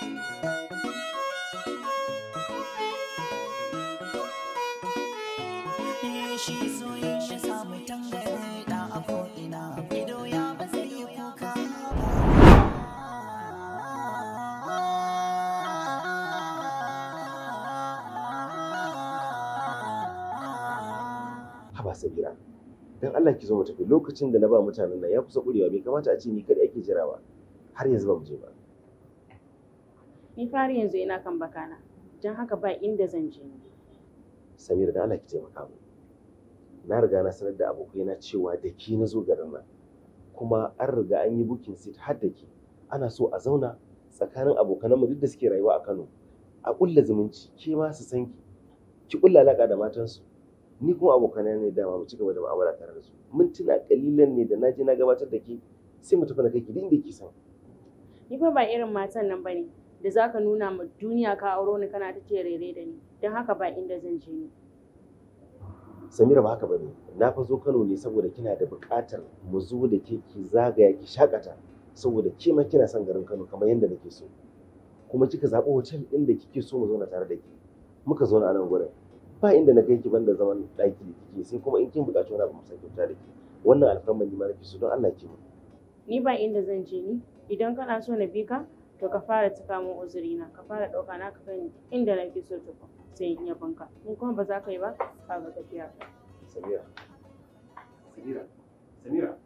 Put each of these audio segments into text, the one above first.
shi don Allah ki zo mu tafi lokacin da na ba mutanen nan ya kusa ƙurewa bai kamata a ce ni kada ake jira ba har yanzu ba mu je ba ni fari yanzu ina kan baka na, don haka ba inda zan je ni samira da Allah ki taimaka mu na riga na sanar da abokai na cewa da ki na zo garin nan kuma an riga an yi bukin seat har da ki ana so a zauna tsakanin abokan mu duk da suke rayuwa a Kano a ƙulla zumunci ke ma su san ki ki ƙulla alaƙa da matansu ni kuma abokanai ne dama mu ci gaba da mu'amala tare da su mintuna kalilan ne da na je na gabatar da ke sai mu tafi na kai ki duk inda ki san ni fa ba irin matan nan bane da zaka nuna ma duniya ka auro ni kana ta rere da ni don haka ba inda zan je ni Samira ba haka bane na fa zo Kano ne saboda kina da buƙatar mu zo da ke ki zagaya ki shakata saboda ke ma kina son garin Kano kamar yadda nake so kuma kika zaɓi hotel ɗin da kike so mu zauna tare da ki, muka zauna a nan gurin ba inda na kai ki banda zaman ɗaki da kike sai kuma in kin buƙaci wani abu mu sake da ki wannan alƙawarin ni ma nake so don Allah ki mu ni ba inda zan je ni idan kana so na bi ka to ka fara cika min uzuri na ka fara ɗauka na ka fahimci inda fi so tukun sai in iya banka in kuma ba za ka yi ba ka ga tafiya Samira Samira Samira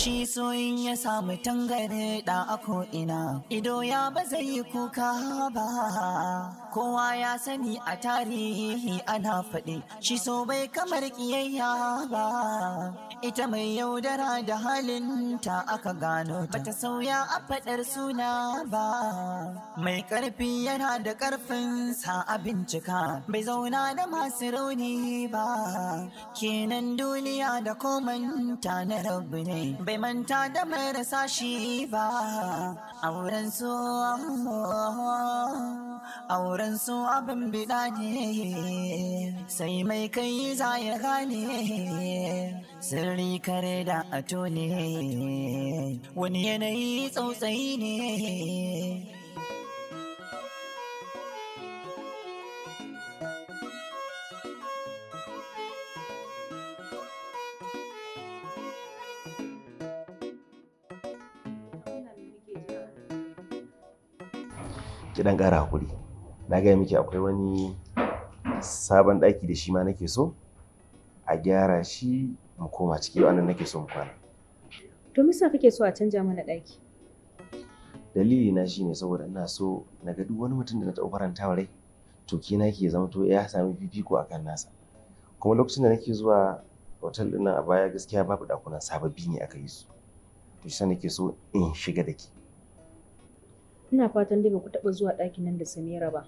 shi soyin ya samu tangare da ako ina ido ya ba zai yi kuka ba kowa ya sani a tarihi ana faɗi shi so bai kamar kiyayya ba ita mai yaudara da halin ta aka gano bata sauya a faɗar suna ba mai ƙarfi yana da ƙarfin sa a bincika bai zauna da masu rauni ba kenan duniya da komanta na rabu ne bai manta da rasa shi ba auren su auren su abin bida ne sai mai kai za ya gane sirri kare da ato ne wani yanayi tsautsayi ne ki dan kara hakuri na gaya miki akwai wani sabon daki da shi ma nake so a gyara shi mu koma ciki yau nake so mu kwana to me kake so a canja mana daki. dalili na shine saboda ina so na ga duk wani mutum da na taɓa faranta rai to ke na ke zama to ya sami fifiko akan nasa kuma lokacin da nake zuwa otal ɗin a baya gaskiya babu ɗakunan sababbi ne aka yi su to shi nake so in shiga da ke Ina fatan dai ba ku taɓa zuwa ɗakin nan da Samira ba.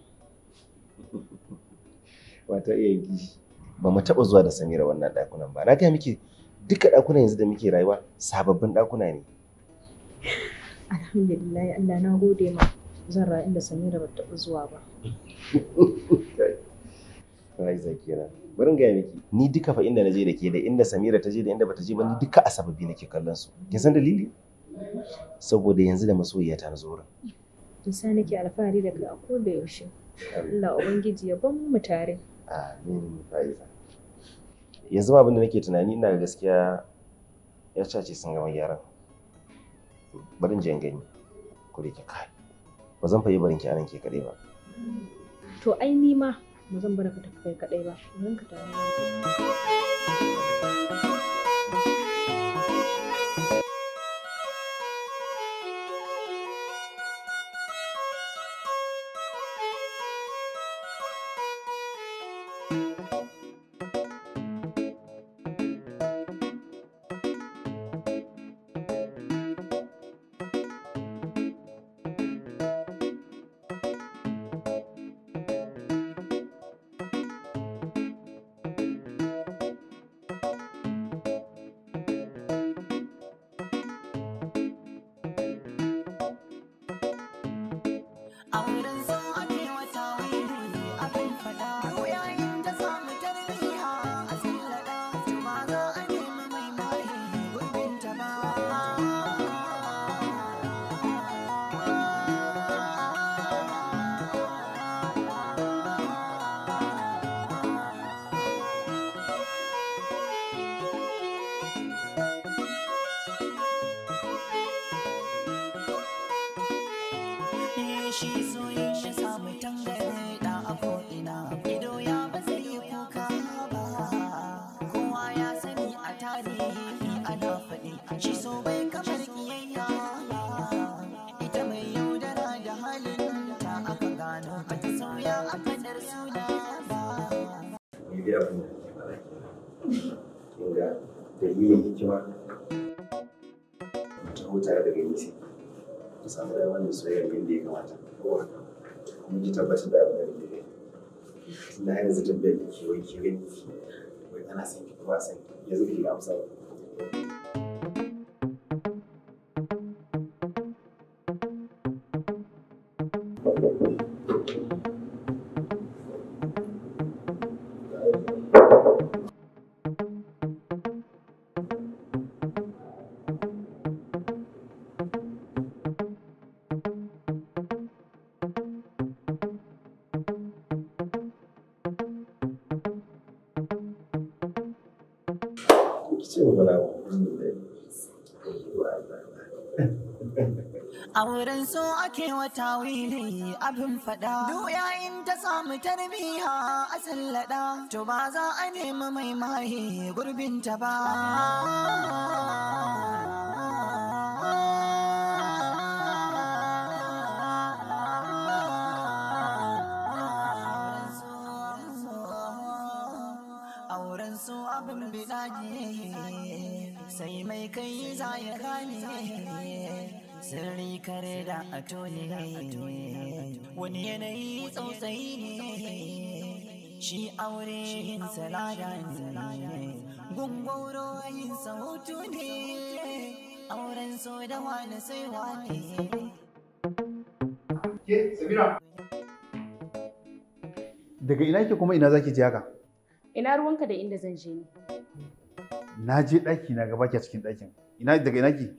Wata iya kishi. Ba mu taɓa zuwa da Samira wannan ɗakunan ba. Na gaya miki duka ɗakunan yanzu da muke rayuwa sababbin ɗakuna ne. Alhamdulillah Allah na gode ma zan rayu inda Samira ba taɓa zuwa ba. Rai zakira. Bari in gaya miki ni duka fa inda na je da ke da inda Samira ta je da inda bata je ba ni duka a sababbi nake kallon su. Kin san dalili? Saboda yanzu da masoyiya ta na zo Isa nake alfahari da kai a da yaushe. Allah Ubangiji ya ban mu tare. Amin Faiza. Yanzu ma abin da nake tunani ina ga gaskiya ya cace sun gama gyaran. Barin jiyan gani. Ku da ke kai. Ba zan fayi barin ki anan ke kaɗai ba. To ai ni ma ba zan bar ka tafi kai kaɗai ba. ka tare. I wouldn't dalilin hikima ta huta da gani sai ta samu da wannan soyayyar da ya kamata kuma ki tabbatar da abin da ya tunda har yanzu tambayar da ke wai ke gani wai ana son ki kuma san yanzu ki amsa ba A wurin so ake wata wili abin fada. Duk yayin ta samu tarbiya a sallada, to ba za a nemi mai maye gurbin ta ba. Auren so abin bidaje. sai mai kai za ya gane sirri kare da a ne wani yanayi tsautsayi ne shi aure yin salada ne gungoro yin sautu ne auren so da wani sai wani daga ina ke kuma ina zaki je haka ina ruwanka da inda zan je ni na je ɗaki na gaba ke a cikin ɗakin ina daga ina ki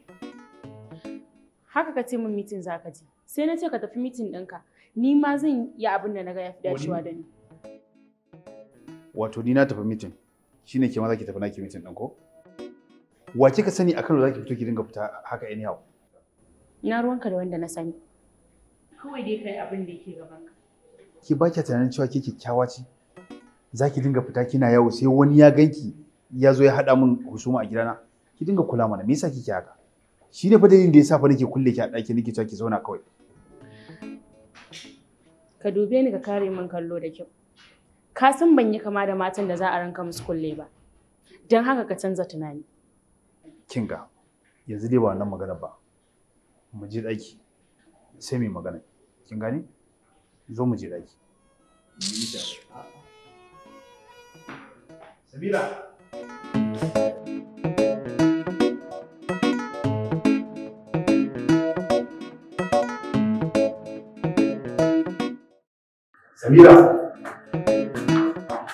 haka ka ce min mitin za ka je sai na ce ka tafi mitin ɗinka ni ma zan yi abin da na ga ya fi dacewa da ni wato ni na tafi mitin shine ke ma za ki tafi naki mitin ɗin ko wa kika sani a Kano za ki fito ki dinga fita haka anyhow na ruwanka da wanda na sani kawai dai kai abin da yake gaban ka ki ba ki tunanin cewa ke kyakkyawa ce za ki dinga fita kina yawo sai wani ya ganki ya zo ya haɗa min husuma a gidana ki dinga kula mana me yasa kike haka shi ne fa dalilin da yasa fa nake kulle ki a ɗaki nake cewa ki zauna kawai ka dube ni ka kare min kallo da kyau ka san ban yi kama da matan da za a ranka musu kulle ba don haka ka canza tunani kinga yanzu dai ba wannan magana ba mu je ɗaki sai mai magana kin gane zo mu je ɗaki Sabila. Samira,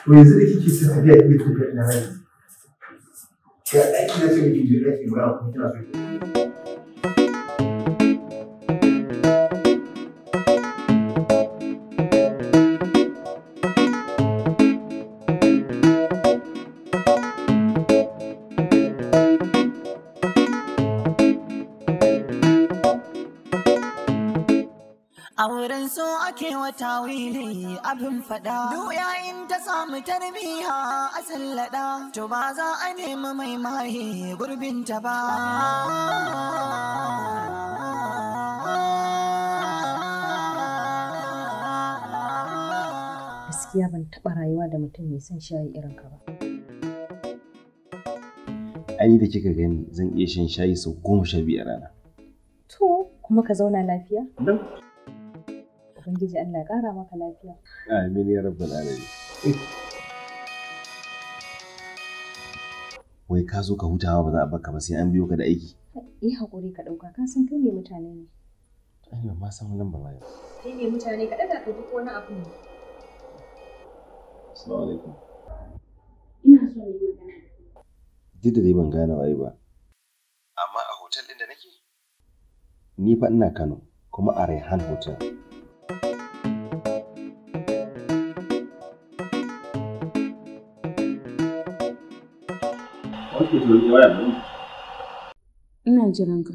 to yanzu da kike ta tafiya ke tafiya ina nan. Ya aiki na ce miki je ba a kuma kina so A wurin so ake wata wili abin fada. Duya in ta samu tarbiya a sallada, to ba za a nemi mai gurbin gurbinta ba. gaskiya ban taɓa rayuwa da mutum mai son shayi irin ka ba. Ai da kika gani zan iya shan shayi sau goma sha biyar rana. To, kuma ka zauna lafiya? Ubangiji Allah ya ƙara maka lafiya. Amin ya rabbal alamin. Eh. Wai ka zo ka hutawa ba za a baka ba sai an biyo ka da aiki. Yi haƙuri ka ɗauka ka san kai ne mutane ne. Ai ba ma san wannan ba ma Kai ne mutane ka ɗaga ka duk wani abu ne. Assalamu alaikum. Ina so ne magana. Duk da dai ban gane wai ba. Amma a hotel ɗin da nake? Ni fa ina Kano kuma a Raihan Hotel. kuke tunanin waya ba ina jiran ka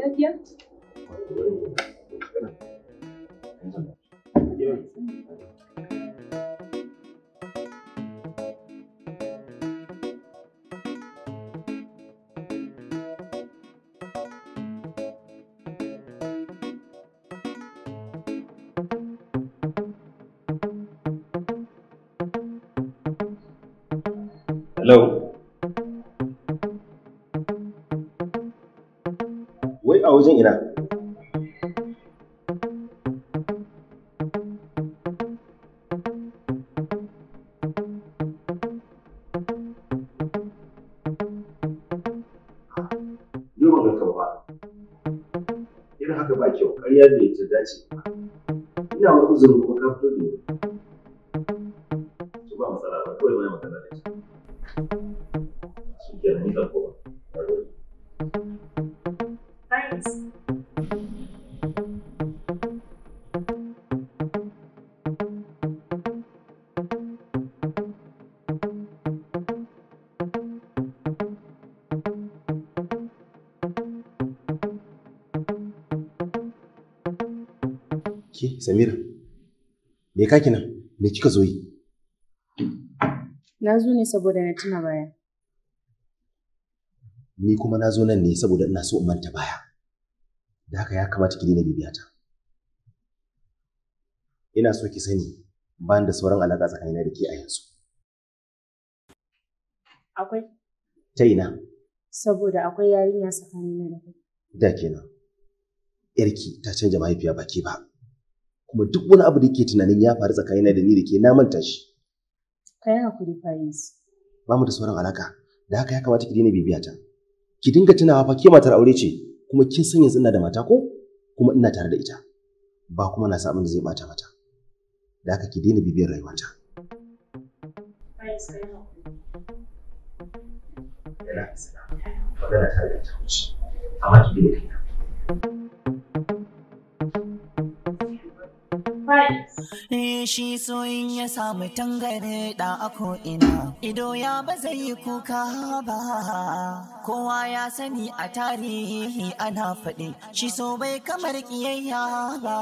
lafiya Hello. Wai a wajen ina? ƙarya bai ta dace Ina wani uzurin kuma ka fito da Ke, Samira, me ka kina? Me kika zo yi? Na zo ne saboda na tuna baya. Ni kuma na zo nan ne saboda ina so in manta baya. Da haka ya kamata ki daina bibiyata. Ina so ki sani ba da sauran alaƙa tsakanina da ke a yanzu. Akwai. Ta ina? Saboda akwai yarinya tsakanina da kai. Da kenan. Yarki ta canja mahaifiya baki ba. kuma duk wani abu da ke tunanin ya faru tsakanina da ni da ke na manta shi kai hakuri Faris ba mu da sauran alaka da haka ya kamata ki daina bibiya ta ki dinga tunawa fa ke matar aure ce kuma kin san yanzu da mata ko kuma ina tare da ita ba kuma na samun da zai bata mata da haka ki daina bibiyar rayuwata Yana ta da ta amma ki daina Eh, Shi soyin ya samu tangare da ako ina, ido ya ba zai yi kuka ba. Kowa ya sani a tarihi ana faɗi, shi so bai kamar kiyayya ba.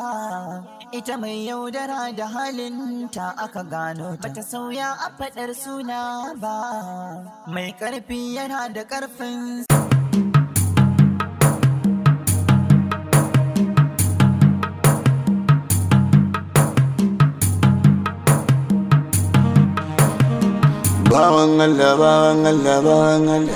Ita mai yaudara da halin ta aka gano ta bata sauya a faɗar suna ba. Mai ƙarfi yana da ƙarfin பாவங்கள் பாவங்கள் பாவங்கள்